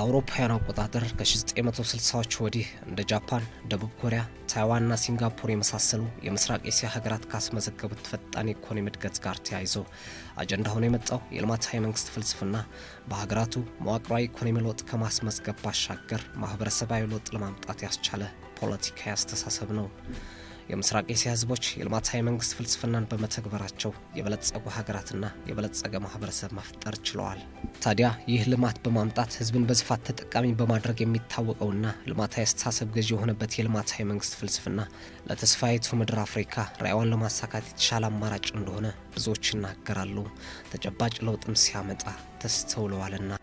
አውሮፓውያን አቆጣጠር ከ1960ዎቹ ወዲህ እንደ ጃፓን፣ ደቡብ ኮሪያ፣ ታይዋንና ሲንጋፖር የመሳሰሉ የምስራቅ ኤስያ ሀገራት ካስመዘገቡት ፈጣን የኢኮኖሚ እድገት ጋር ተያይዞ አጀንዳ ሆኖ የመጣው የልማታዊ መንግስት ፍልስፍና በሀገራቱ መዋቅራዊ ኢኮኖሚ ለውጥ ከማስመዝገብ ባሻገር ማህበረሰባዊ ለውጥ ለማምጣት ያስቻለ ፖለቲካዊ አስተሳሰብ ነው። የምስራቅ ኤስያ ህዝቦች የልማታዊ መንግስት ፍልስፍናን በመተግበራቸው የበለጸጉ ሀገራትና የበለጸገ ማህበረሰብ መፍጠር ችለዋል። ታዲያ ይህ ልማት በማምጣት ህዝብን በስፋት ተጠቃሚ በማድረግ የሚታወቀውና ልማታዊ አስተሳሰብ ገዢ የሆነበት የልማታዊ መንግስት ፍልስፍና ለተስፋይቱ ምድር አፍሪካ ራዕይዋን ለማሳካት የተሻለ አማራጭ እንደሆነ ብዙዎች ይናገራሉ። ተጨባጭ ለውጥም ሲያመጣ ተስተውለዋልና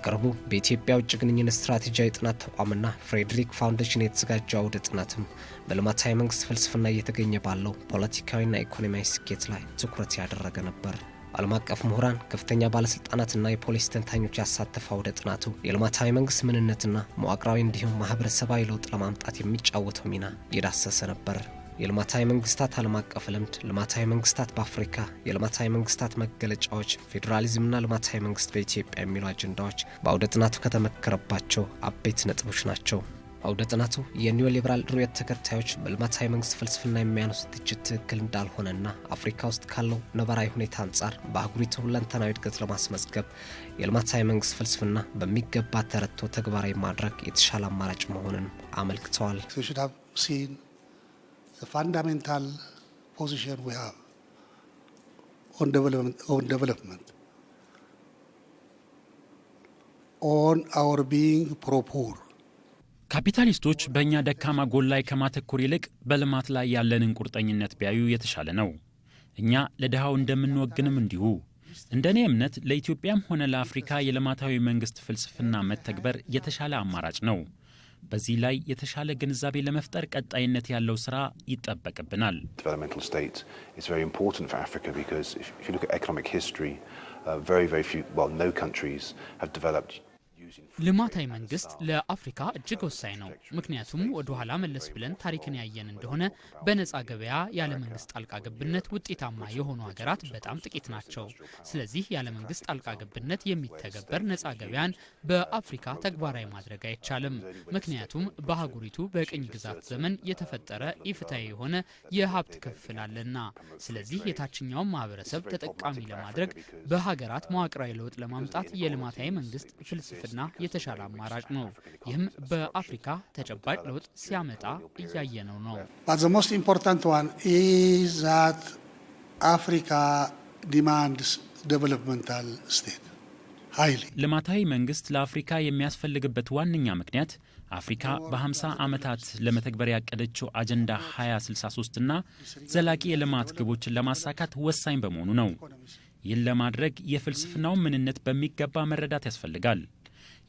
በቅርቡ በኢትዮጵያ ውጭ ግንኙነት ስትራቴጂያዊ ጥናት ተቋምና ፍሬድሪክ ፋውንዴሽን የተዘጋጀው አውደ ጥናትም በልማታዊ መንግስት ፍልስፍና እየተገኘ ባለው ፖለቲካዊና ኢኮኖሚያዊ ስኬት ላይ ትኩረት ያደረገ ነበር። ዓለም አቀፍ ምሁራን፣ ከፍተኛ ባለስልጣናትና የፖሊሲ ተንታኞች ያሳተፈ አውደ ጥናቱ የልማታዊ መንግስት ምንነትና መዋቅራዊ እንዲሁም ማህበረሰባዊ ለውጥ ለማምጣት የሚጫወተው ሚና የዳሰሰ ነበር። የልማታዊ መንግስታት ዓለም አቀፍ ልምድ፣ ልማታዊ መንግስታት በአፍሪካ፣ የልማታዊ መንግስታት መገለጫዎች፣ ፌዴራሊዝምና ልማታዊ መንግስት በኢትዮጵያ የሚሉ አጀንዳዎች በአውደ ጥናቱ ከተመከረባቸው አበይት ነጥቦች ናቸው። አውደ ጥናቱ የኒዮ ሊበራል ሩየት ተከታዮች በልማታዊ መንግስት ፍልስፍና የሚያነሱት ትችት ትክክል እንዳልሆነና አፍሪካ ውስጥ ካለው ነባራዊ ሁኔታ አንጻር በአህጉሪቱ ሁለንተናዊ እድገት ለማስመዝገብ የልማታዊ መንግስት ፍልስፍና በሚገባ ተረድቶ ተግባራዊ ማድረግ የተሻለ አማራጭ መሆኑን አመልክተዋል። ፋንዳሜንታል ፖዚሽን position we have on development, on development, on ካፒታሊስቶች በእኛ ደካማ ጎል ላይ ከማተኮር ይልቅ በልማት ላይ ያለንን ቁርጠኝነት ቢያዩ የተሻለ ነው። እኛ ለድሃው እንደምንወግንም እንዲሁ። እንደ እኔ እምነት ለኢትዮጵያም ሆነ ለአፍሪካ የልማታዊ መንግስት ፍልስፍና መተግበር የተሻለ አማራጭ ነው። በዚህ ላይ የተሻለ ግንዛቤ ለመፍጠር ቀጣይነት ያለው ስራ ይጠበቅብናል። ልማታዊ መንግስት ለአፍሪካ እጅግ ወሳኝ ነው። ምክንያቱም ወደ ኋላ መለስ ብለን ታሪክን ያየን እንደሆነ በነፃ ገበያ ያለ መንግስት ጣልቃ ገብነት ውጤታማ የሆኑ ሀገራት በጣም ጥቂት ናቸው። ስለዚህ ያለ መንግስት ጣልቃ ገብነት የሚተገበር ነፃ ገበያን በአፍሪካ ተግባራዊ ማድረግ አይቻልም። ምክንያቱም በአህጉሪቱ በቅኝ ግዛት ዘመን የተፈጠረ ኢፍትሐዊ የሆነ የሀብት ክፍል አለና። ስለዚህ የታችኛውን ማህበረሰብ ተጠቃሚ ለማድረግ በሀገራት መዋቅራዊ ለውጥ ለማምጣት የልማታዊ መንግስት ፍልስፍና የተሻለ አማራጭ ነው። ይህም በአፍሪካ ተጨባጭ ለውጥ ሲያመጣ እያየነው ነው። አፍሪካ ዲማንድስ ዴቨሎፕመንታል ስቴት ሀይል ልማታዊ መንግስት ለአፍሪካ የሚያስፈልግበት ዋነኛ ምክንያት አፍሪካ በ50 ዓመታት ለመተግበር ያቀደችው አጀንዳ 2063 እና ዘላቂ የልማት ግቦችን ለማሳካት ወሳኝ በመሆኑ ነው። ይህን ለማድረግ የፍልስፍናውን ምንነት በሚገባ መረዳት ያስፈልጋል።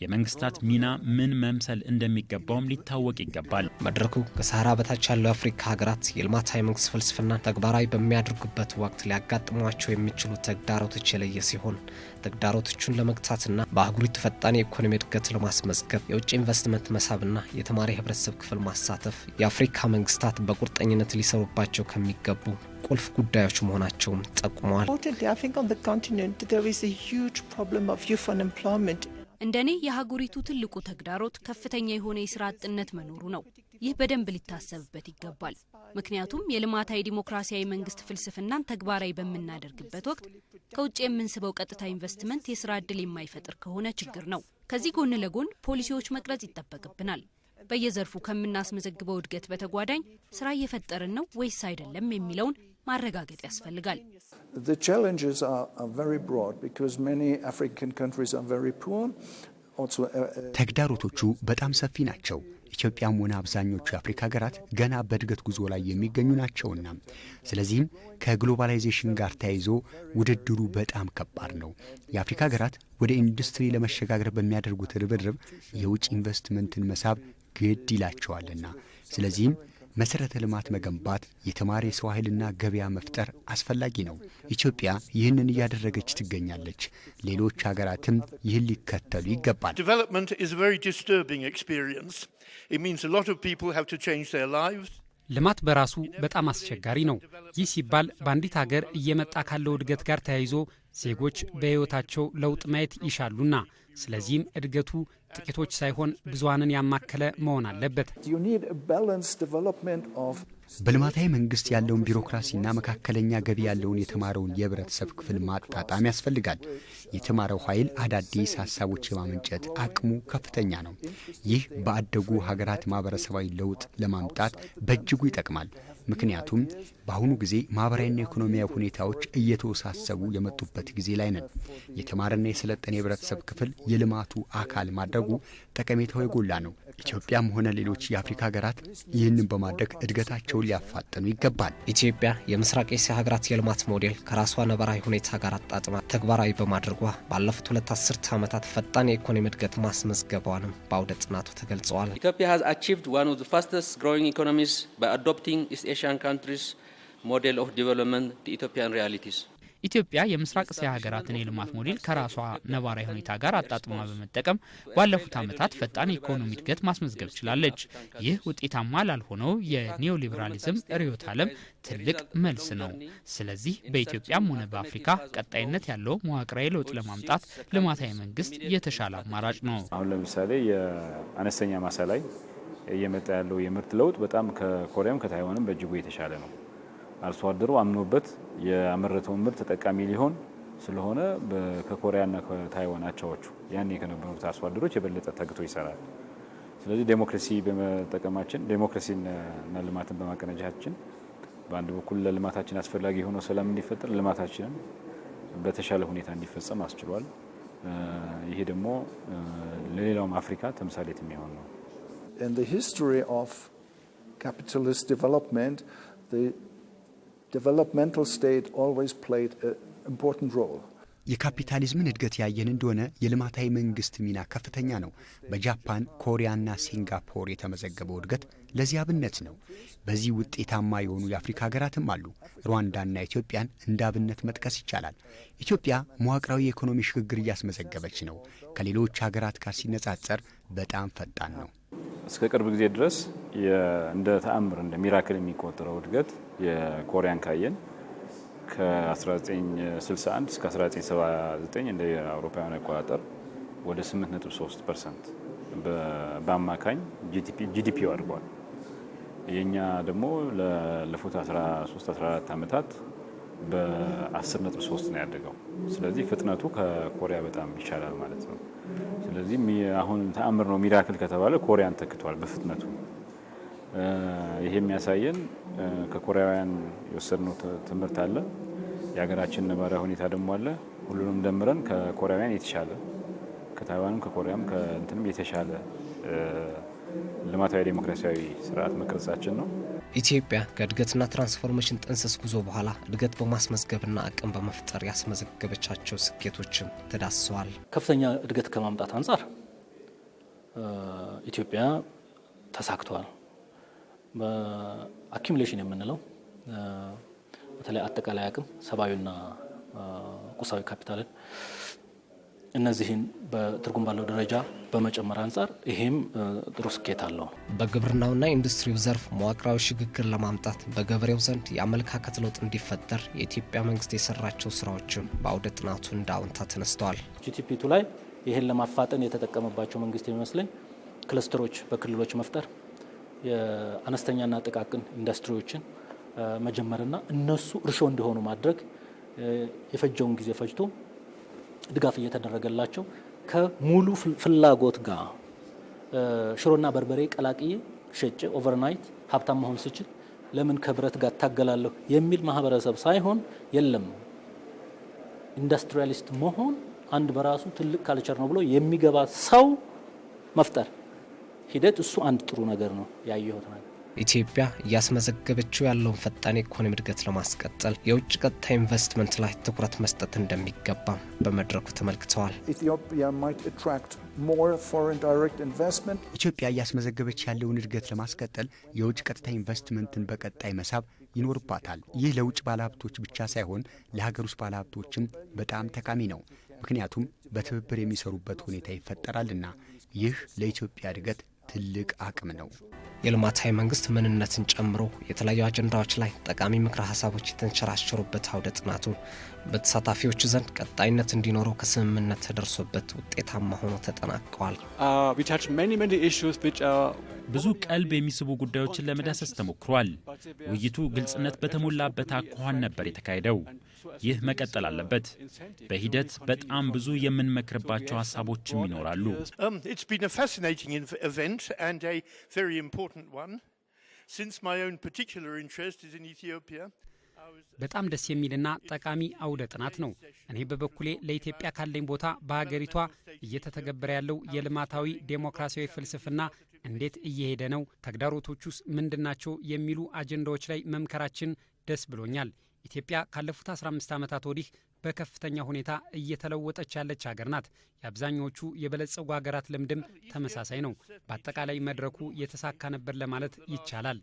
የመንግስታት ሚና ምን መምሰል እንደሚገባውም ሊታወቅ ይገባል። መድረኩ ከሳህራ በታች ያሉ የአፍሪካ ሀገራት የልማት መንግስት ፍልስፍና ተግባራዊ በሚያደርጉበት ወቅት ሊያጋጥሟቸው የሚችሉ ተግዳሮቶች የለየ ሲሆን ተግዳሮቶቹን ለመግታትና በአህጉሪቱ ፈጣን የኢኮኖሚ እድገት ለማስመዝገብ የውጭ ኢንቨስትመንት መሳብና የተማሪ ህብረተሰብ ክፍል ማሳተፍ የአፍሪካ መንግስታት በቁርጠኝነት ሊሰሩባቸው ከሚገቡ ቁልፍ ጉዳዮች መሆናቸውም ጠቁመዋል። እንደኔ የሀገሪቱ ትልቁ ተግዳሮት ከፍተኛ የሆነ የስራ አጥነት መኖሩ ነው። ይህ በደንብ ሊታሰብበት ይገባል። ምክንያቱም የልማታዊ ዲሞክራሲያዊ መንግስት ፍልስፍናን ተግባራዊ በምናደርግበት ወቅት ከውጭ የምንስበው ቀጥታ ኢንቨስትመንት የስራ እድል የማይፈጥር ከሆነ ችግር ነው። ከዚህ ጎን ለጎን ፖሊሲዎች መቅረጽ ይጠበቅብናል። በየዘርፉ ከምናስመዘግበው እድገት በተጓዳኝ ስራ እየፈጠርን ነው ወይስ አይደለም የሚለውን ማረጋገጥ ያስፈልጋል። uh, uh, ተግዳሮቶቹ በጣም ሰፊ ናቸው። ኢትዮጵያም ሆነ አብዛኞቹ የአፍሪካ ሀገራት ገና በእድገት ጉዞ ላይ የሚገኙ ናቸውና፣ ስለዚህም ከግሎባላይዜሽን ጋር ተያይዞ ውድድሩ በጣም ከባድ ነው። የአፍሪካ ሀገራት ወደ ኢንዱስትሪ ለመሸጋገር በሚያደርጉት ርብርብ የውጭ ኢንቨስትመንትን መሳብ ግድ ይላቸዋልና፣ ስለዚህም መሰረተ ልማት መገንባት፣ የተማሪ ሰው ኃይልና ገበያ መፍጠር አስፈላጊ ነው። ኢትዮጵያ ይህንን እያደረገች ትገኛለች። ሌሎች ሀገራትም ይህን ሊከተሉ ይገባል። ልማት በራሱ በጣም አስቸጋሪ ነው። ይህ ሲባል በአንዲት ሀገር እየመጣ ካለው እድገት ጋር ተያይዞ ዜጎች በሕይወታቸው ለውጥ ማየት ይሻሉና ስለዚህም እድገቱ ጥቂቶች ሳይሆን ብዙሃንን ያማከለ መሆን አለበት። በልማታዊ መንግስት ያለውን ቢሮክራሲና መካከለኛ ገቢ ያለውን የተማረውን የህብረተሰብ ክፍል ማጣጣም ያስፈልጋል። የተማረው ኃይል አዳዲስ ሀሳቦች የማመንጨት አቅሙ ከፍተኛ ነው። ይህ በአደጉ ሀገራት ማህበረሰባዊ ለውጥ ለማምጣት በእጅጉ ይጠቅማል። ምክንያቱም በአሁኑ ጊዜ ማህበራዊና ኢኮኖሚያዊ ሁኔታዎች እየተወሳሰቡ የመጡበት ጊዜ ላይ ነን። የተማረና የሰለጠነ የህብረተሰብ ክፍል የልማቱ አካል ማድረጉ ጠቀሜታው የጎላ ነው። ኢትዮጵያም ሆነ ሌሎች የአፍሪካ ሀገራት ይህንን በማድረግ እድገታቸውን ሊያፋጥኑ ይገባል። ኢትዮጵያ የምስራቅ እስያ ሀገራት የልማት ሞዴል ከራሷ ነባራዊ ሁኔታ ጋር አጣጥማ ተግባራዊ በማድረጓ ባለፉት ሁለት አስርት ዓመታት ፈጣን የኢኮኖሚ እድገት ማስመዝገቧንም በአውደ ጥናቱ ተገልጸዋል። ኢትዮጵያ ሃዝ አቺቭድ ዋን ኦፍ ዘ ፋስተስት ግሮዊንግ ኢኮኖሚስ ባይ አዶፕቲንግ ኢስት ኤሽያን ካንትሪስ ሞዴል ኦፍ ዲቨሎፕመንት ኢትዮጵያን ሪያሊቲስ ኢትዮጵያ የምስራቅ እስያ ሀገራትን የልማት ሞዴል ከራሷ ነባራዊ ሁኔታ ጋር አጣጥማ በመጠቀም ባለፉት ዓመታት ፈጣን የኢኮኖሚ እድገት ማስመዝገብ ችላለች። ይህ ውጤታማ ላልሆነው የኒዮሊበራሊዝም ርዕዮተ ዓለም ትልቅ መልስ ነው። ስለዚህ በኢትዮጵያም ሆነ በአፍሪካ ቀጣይነት ያለው መዋቅራዊ ለውጥ ለማምጣት ልማታዊ መንግስት የተሻለ አማራጭ ነው። አሁን ለምሳሌ የአነስተኛ ማሳ ላይ እየመጣ ያለው የምርት ለውጥ በጣም ከኮሪያም ከታይዋንም በእጅጉ የተሻለ ነው። አርሶ አደሩ አምኖበት የአመረተውን ምርት ተጠቃሚ ሊሆን ስለሆነ ከኮሪያና ከታይዋን አቻዎቹ ያኔ ከነበሩት አርሶ አደሮች የበለጠ ተግቶ ይሰራል። ስለዚህ ዴሞክራሲ በመጠቀማችን ዴሞክራሲና ልማትን በማቀነጃችን በአንድ በኩል ለልማታችን አስፈላጊ የሆነ ሰላም እንዲፈጠር ልማታችንን በተሻለ ሁኔታ እንዲፈጸም አስችሏል። ይሄ ደግሞ ለሌላውም አፍሪካ ተምሳሌት የሚሆን ነው። developmental state always played an important role. የካፒታሊዝምን እድገት ያየን እንደሆነ የልማታዊ መንግስት ሚና ከፍተኛ ነው። በጃፓን ኮሪያና ሲንጋፖር የተመዘገበው እድገት ለዚህ አብነት ነው። በዚህ ውጤታማ የሆኑ የአፍሪካ ሀገራትም አሉ። ሩዋንዳና ኢትዮጵያን እንደ አብነት መጥቀስ ይቻላል። ኢትዮጵያ መዋቅራዊ የኢኮኖሚ ሽግግር እያስመዘገበች ነው። ከሌሎች ሀገራት ጋር ሲነጻጸር በጣም ፈጣን ነው። እስከ ቅርብ ጊዜ ድረስ እንደ ተአምር እንደ ሚራክል የሚቆጠረው እድገት የኮሪያን ካየን ከ1961 እስከ 1979 እንደ አውሮፓውያን አቆጣጠር ወደ 8.3 ፐርሰንት በአማካኝ ጂዲፒው አድጓል። የእኛ ደግሞ ላለፉት 13 14 ዓመታት በ10.3 ነው ያደገው። ስለዚህ ፍጥነቱ ከኮሪያ በጣም ይሻላል ማለት ነው። ስለዚህ አሁን ተአምር ነው ሚራክል ከተባለ ኮሪያን ተክቷል በፍጥነቱ። ይሄ የሚያሳየን ከኮሪያውያን የወሰድነው ትምህርት አለ፣ የሀገራችን ነባራዊ ሁኔታ ደግሞ አለ። ሁሉንም ደምረን ከኮሪያውያን የተሻለ ከታይዋንም ከኮሪያም ከእንትንም የተሻለ ልማታዊ ዴሞክራሲያዊ ስርዓት መቅረጻችን ነው። ኢትዮጵያ ከእድገትና ትራንስፎርሜሽን ጥንስስ ጉዞ በኋላ እድገት በማስመዝገብና አቅም በመፍጠር ያስመዘገበቻቸው ስኬቶችም ተዳስሰዋል። ከፍተኛ እድገት ከማምጣት አንጻር ኢትዮጵያ ተሳክተዋል። በአኪሙሌሽን የምንለው በተለይ አጠቃላይ አቅም ሰብአዊና ቁሳዊ ካፒታልን እነዚህን በትርጉም ባለው ደረጃ በመጨመር አንጻር ይሄም ጥሩ ስኬት አለው። በግብርናውና ኢንዱስትሪው ዘርፍ መዋቅራዊ ሽግግር ለማምጣት በገበሬው ዘንድ የአመለካከት ለውጥ እንዲፈጠር የኢትዮጵያ መንግስት የሰራቸው ስራዎችም በአውደ ጥናቱ እንደ አውንታ ተነስተዋል። ጂቲፒቱ ላይ ይህን ለማፋጠን የተጠቀመባቸው መንግስት የሚመስለኝ ክለስተሮች በክልሎች መፍጠር የአነስተኛና ጥቃቅን ኢንዱስትሪዎችን መጀመርና እነሱ እርሾ እንዲሆኑ ማድረግ የፈጀውን ጊዜ ፈጅቶ ድጋፍ እየተደረገላቸው ከሙሉ ፍላጎት ጋር ሽሮና በርበሬ ቀላቅዬ ሸጬ ኦቨርናይት ሀብታም መሆን ስችል ለምን ከብረት ጋር ታገላለሁ የሚል ማህበረሰብ ሳይሆን የለም ኢንዱስትሪያሊስት መሆን አንድ በራሱ ትልቅ ካልቸር ነው ብሎ የሚገባ ሰው መፍጠር ሂደት እሱ አንድ ጥሩ ነገር ነው ያየሁት። ኢትዮጵያ እያስመዘገበችው ያለውን ፈጣን የኢኮኖሚ እድገት ለማስቀጠል የውጭ ቀጥታ ኢንቨስትመንት ላይ ትኩረት መስጠት እንደሚገባ በመድረኩ ተመልክተዋል። ኢትዮጵያ እያስመዘገበች ያለውን እድገት ለማስቀጠል የውጭ ቀጥታ ኢንቨስትመንትን በቀጣይ መሳብ ይኖርባታል። ይህ ለውጭ ባለሀብቶች ብቻ ሳይሆን ለሀገር ውስጥ ባለሀብቶችም በጣም ጠቃሚ ነው። ምክንያቱም በትብብር የሚሰሩበት ሁኔታ ይፈጠራልና ይህ ለኢትዮጵያ እድገት ትልቅ አቅም ነው። የልማታዊ መንግስት ምንነትን ጨምሮ የተለያዩ አጀንዳዎች ላይ ጠቃሚ ምክረ ሀሳቦች የተንሸራሸሩበት አውደ ጥናቱ በተሳታፊዎቹ ዘንድ ቀጣይነት እንዲኖረው ከስምምነት ተደርሶበት ውጤታማ ሆኖ ተጠናቀዋል። uh, ብዙ ቀልብ የሚስቡ ጉዳዮችን ለመዳሰስ ተሞክሯል። ውይይቱ ግልጽነት በተሞላበት አኳኋን ነበር የተካሄደው። ይህ መቀጠል አለበት። በሂደት በጣም ብዙ የምንመክርባቸው ሀሳቦችም ይኖራሉ። um, important one. Since my own particular interest is in Ethiopia, በጣም ደስ የሚልና ጠቃሚ አውደ ጥናት ነው። እኔ በበኩሌ ለኢትዮጵያ ካለኝ ቦታ በሀገሪቷ እየተተገበረ ያለው የልማታዊ ዴሞክራሲያዊ ፍልስፍና እንዴት እየሄደ ነው፣ ተግዳሮቶቹስ ምንድናቸው? የሚሉ አጀንዳዎች ላይ መምከራችን ደስ ብሎኛል። ኢትዮጵያ ካለፉት 15 ዓመታት ወዲህ በከፍተኛ ሁኔታ እየተለወጠች ያለች ሀገር ናት። የአብዛኞቹ የበለጸጉ ሀገራት ልምድም ተመሳሳይ ነው። በአጠቃላይ መድረኩ የተሳካ ነበር ለማለት ይቻላል።